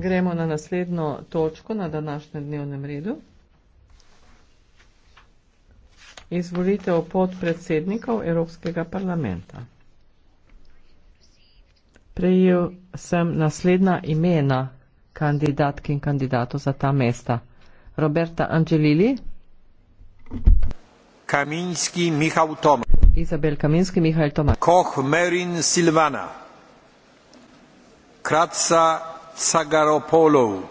Gremo na naslednjo točko na današnjem dnevnem redu. Izvolitev podpredsednikov Evropskega parlamenta. Prejel sem naslednja imena kandidatk in kandidatov za ta mesta. Roberta Angelili. Kaminski Mihajl Toma. Izabel Kaminski Mihajl Toma. Koh Merin Silvana. Kratca Sagaropoulou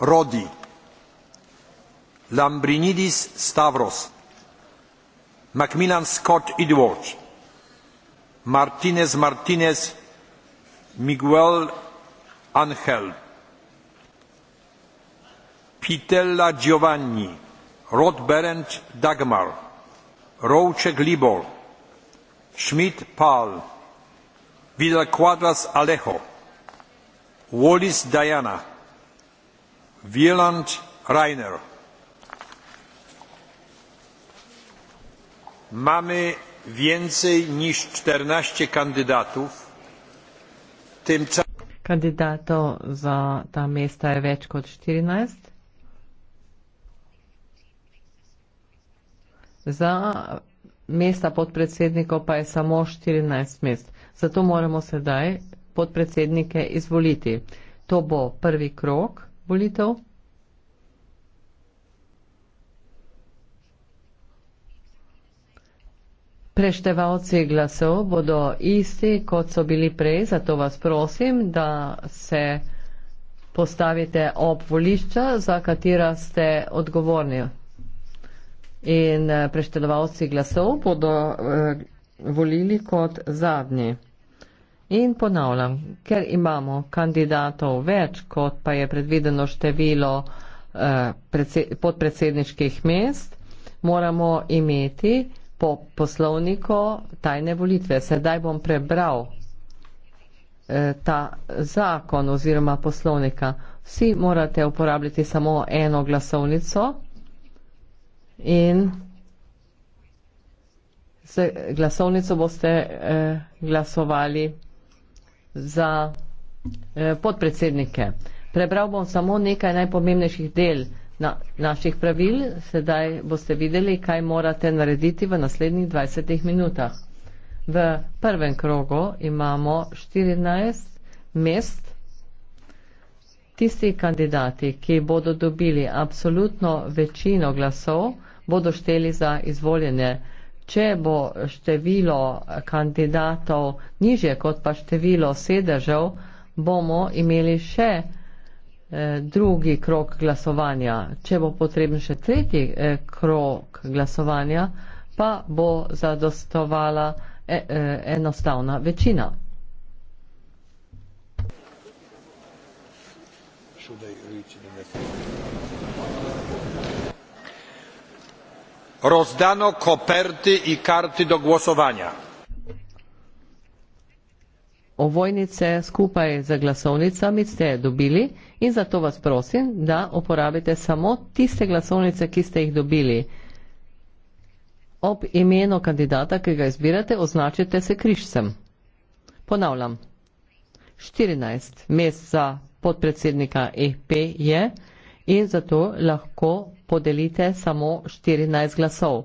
Rodi Lambrinidis Stavros Macmillan Scott Edward Martinez Martinez Miguel Angel Pitella Giovanni Rodberent Dagmar Rouchek Libor Schmidt Paul Villa Quadras Alejo wallis diana wieland rainer mamy więcej niż czternaście kandydatów kandydatov za ta mesta je več kot 14. Za mesta podpredsednikov pa je samo 14 mest. Zato moramo sedaj podpredsednike izvoliti. To bo prvi krok volitev. Preštevalci glasov bodo isti, kot so bili prej, zato vas prosim, da se postavite ob volišča, za katera ste odgovorni. In eh, preštevalci glasov bodo eh, volili kot zadnji. In ponavljam, ker imamo kandidatov več, kot pa je predvideno število eh, podpredsedniških mest, moramo imeti po poslovniku tajne volitve. Sedaj bom prebral eh, ta zakon oziroma poslovnika. Vsi morate uporabljati samo eno glasovnico in z glasovnico boste eh, glasovali vsega za eh, podpredsednike. Prebral bom samo nekaj najpomembnejših del na naših pravil, sedaj boste videli, kaj morate narediti v naslednjih 20 minutah. V prvem krogu imamo 14 mest. Tisti kandidati, ki bodo dobili absolutno večino glasov, bodo šteli za izvoljene če bo število kandidatov nižje kot pa število sedežev, bomo imeli še eh, drugi krok glasovanja. Če bo potreben še tretji eh, krok glasovanja, pa bo zadostovala e, eh, enostavna večina. Should I reach the message? rozdano koperty i karty do głosowania ovojnice skupaj z glasovnicami ste dobili in zato vas prosim, da uporabite samo tiste glasovnice, ki ste jih dobili. Ob imenu kandidata, ki ga izbirate, označite se križcem. Ponavljam, 14 mest za podpredsednika EP je in zato lahko podelite samo 14 glasov.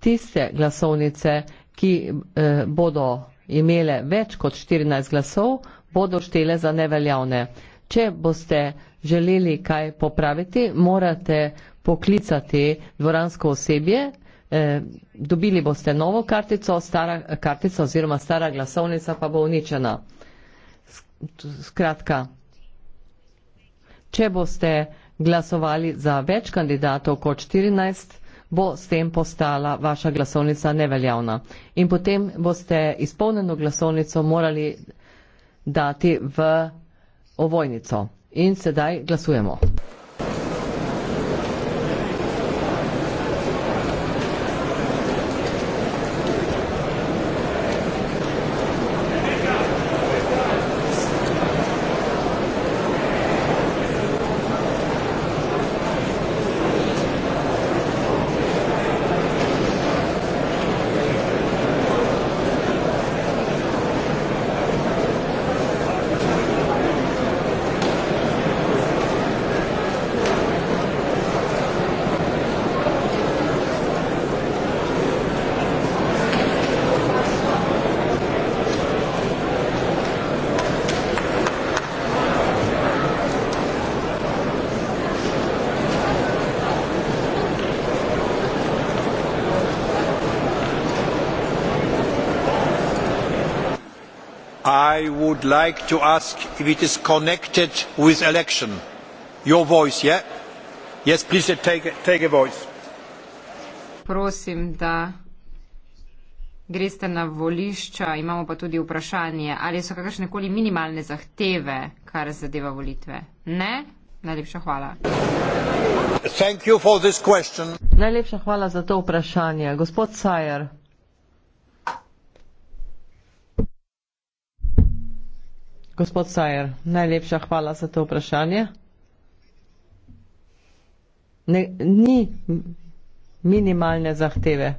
Tiste glasovnice, ki eh, bodo imele več kot 14 glasov, bodo štele za neveljavne. Če boste želeli kaj popraviti, morate poklicati dvoransko osebje, eh, dobili boste novo kartico, stara kartica oziroma stara glasovnica pa bo uničena. Skratka, če boste glasovali za več kandidatov kot 14, bo s tem postala vaša glasovnica neveljavna. In potem boste izpolneno glasovnico morali dati v ovojnico. In sedaj glasujemo. I would like to ask if it is connected with election. Your voice, yeah? Yes, please uh, take a, take a voice. Prosim, da greste na volišča. Imamo pa tudi vprašanje, ali so kakršne koli minimalne zahteve, kar zadeva volitve. Ne? Najlepša hvala. Najlepša hvala za to vprašanje. Gospod Sajer. Gospod Sajer, najlepša hvala za to vprašanje. Ne, ni minimalne zahteve.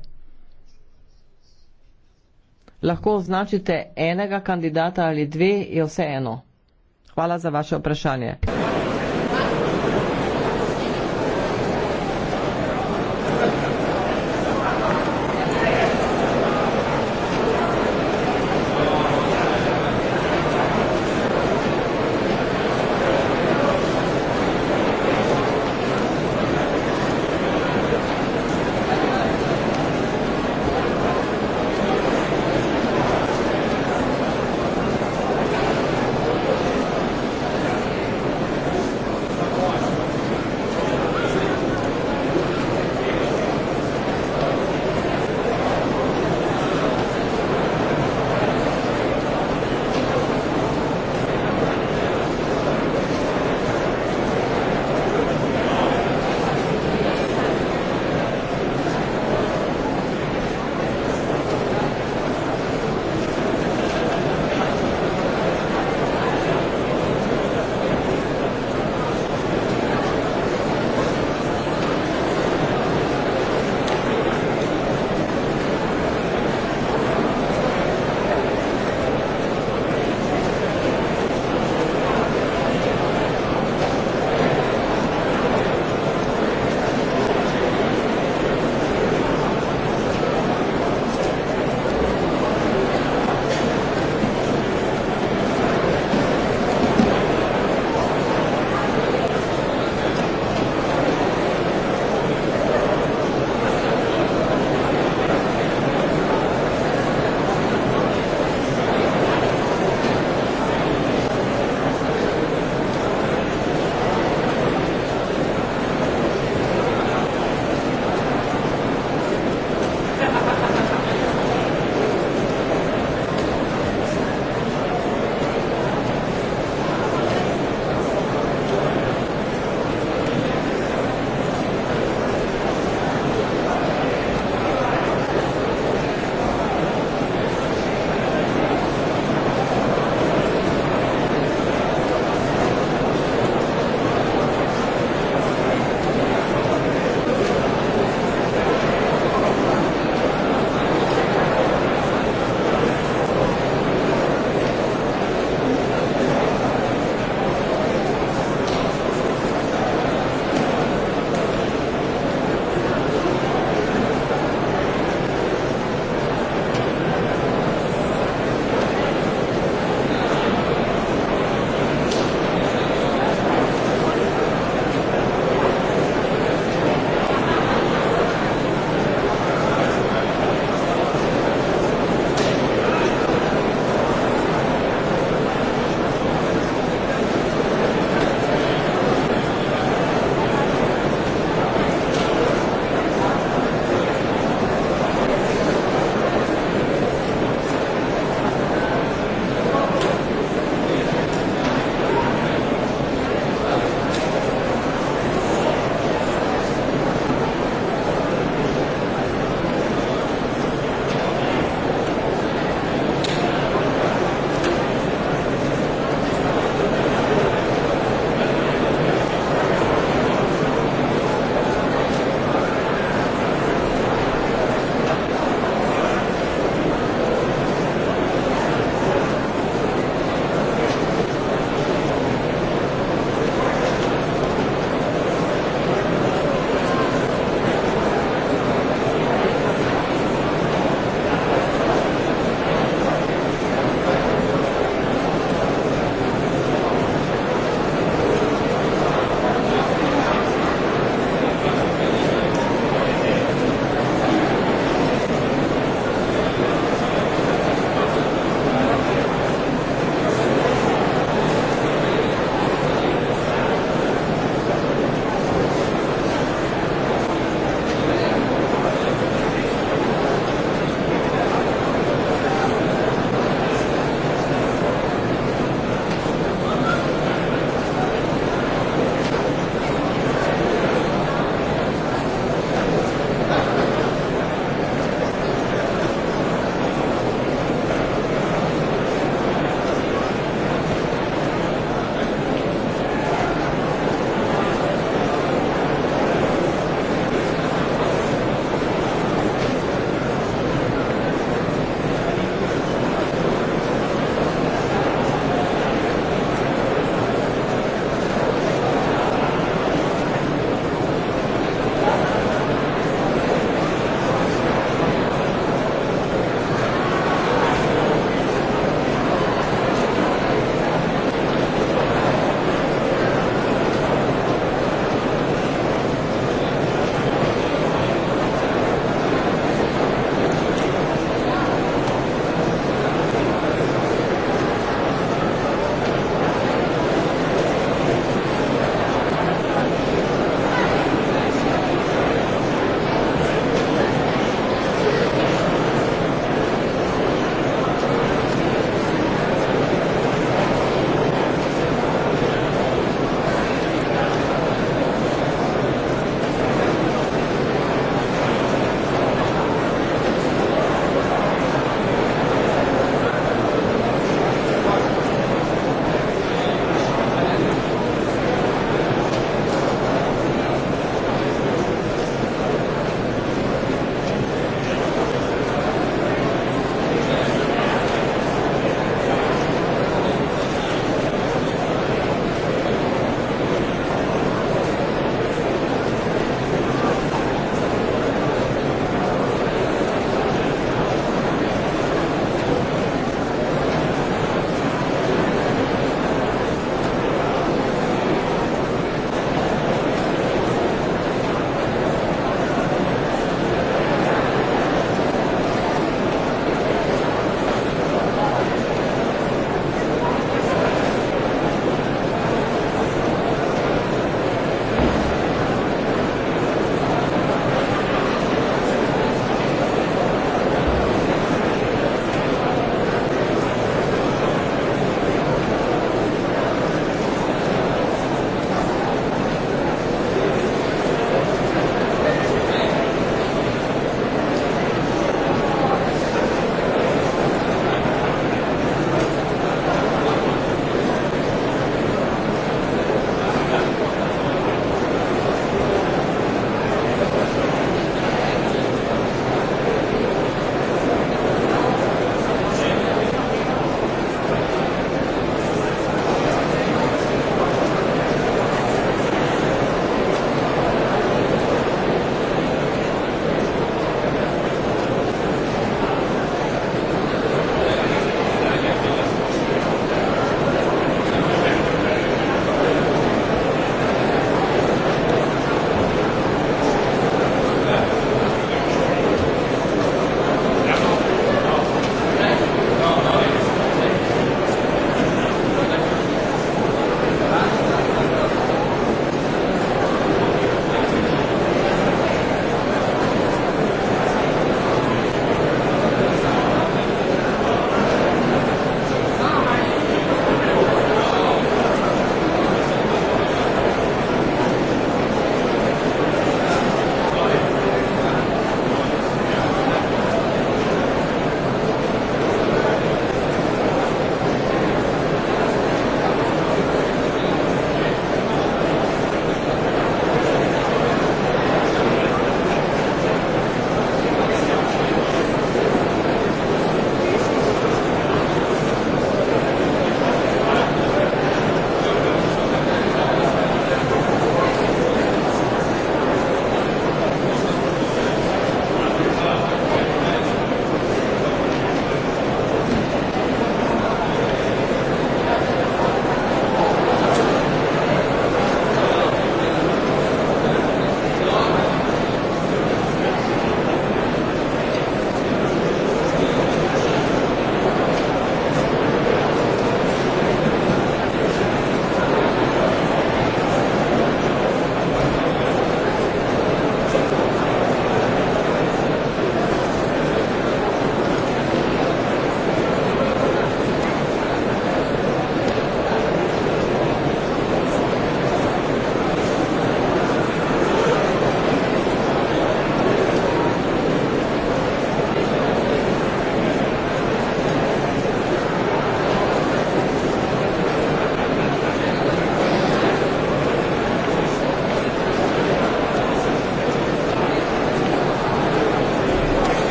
Lahko označite enega kandidata ali dve, je vseeno. Hvala za vaše vprašanje.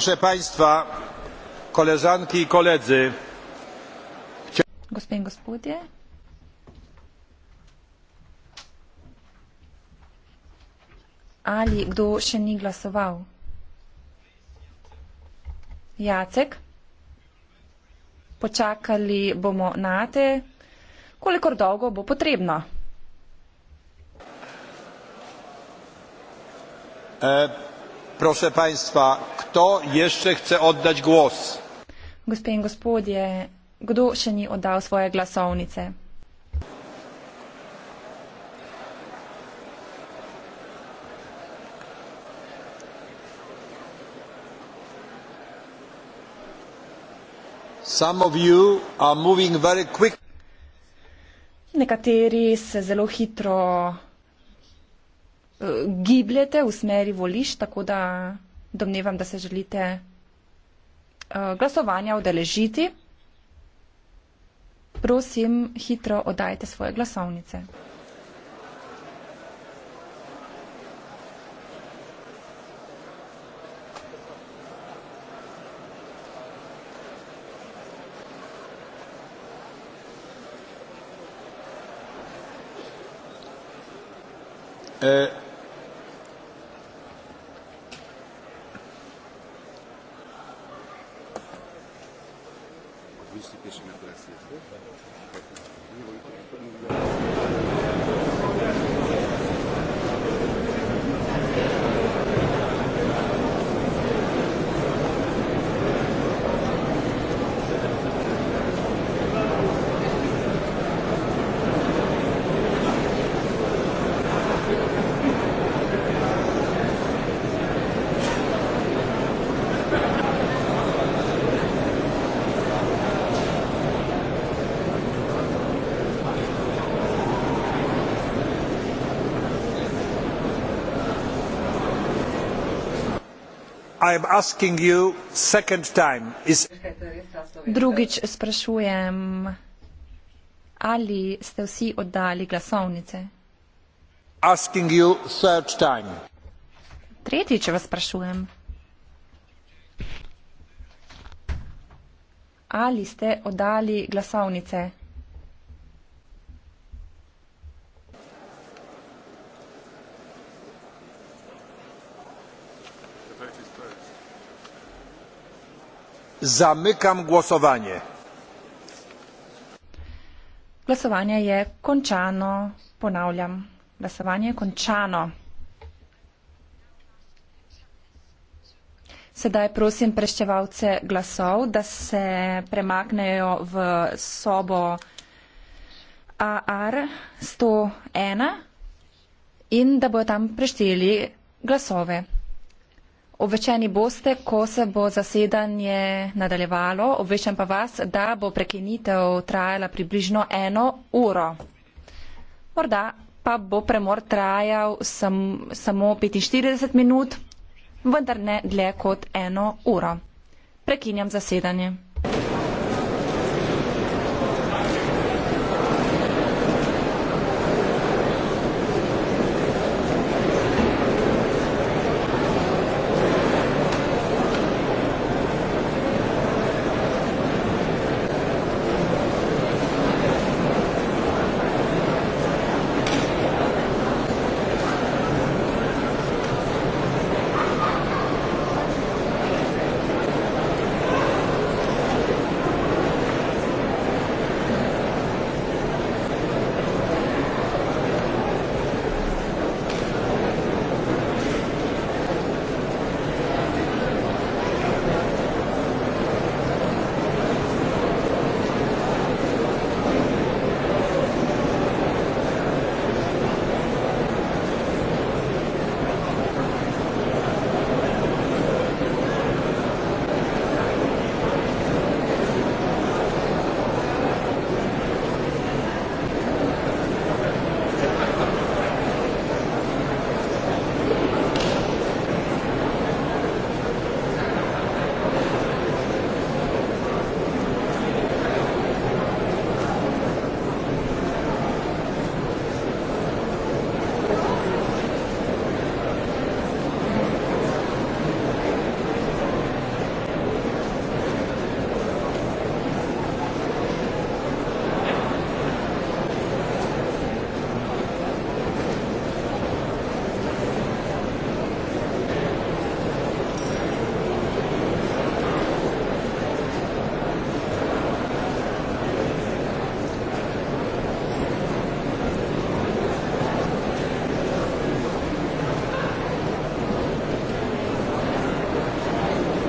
proszę państwa koleżanki i koledzy Ali, kdo še ni glasoval? Jacek? Počakali bomo na te, kolikor dolgo bo potrebno. E, Proszę państwa, kto jeszcze chce oddać głos? Gospodzie, gospodzie, kto jeszcze nie oddał swoje głosownice? Some of you are moving very quick. Nekateri se zelo hitro Eh, gibljete v smeri volišč, tako da domnevam, da se želite eh, glasovanja udeležiti. Prosim, hitro oddajte svoje glasovnice. Uh... drugič sprašujem ali ste vsi oddali glasovnice tretjič vas sprašujem ali ste oddali glasovnice zamykam głosowanie głosowanie je kończono ponawiam głosowanie kończono Sedaj prosim preštevalce glasov, da se premaknejo v sobo AR 101 in da bodo tam prešteli glasove. Obveščeni boste, ko se bo zasedanje nadaljevalo. Obveščam pa vas, da bo prekinitev trajala približno eno uro. Morda pa bo premor trajal sam, samo 45 minut, vendar ne dlje kot eno uro. Prekinjam zasedanje.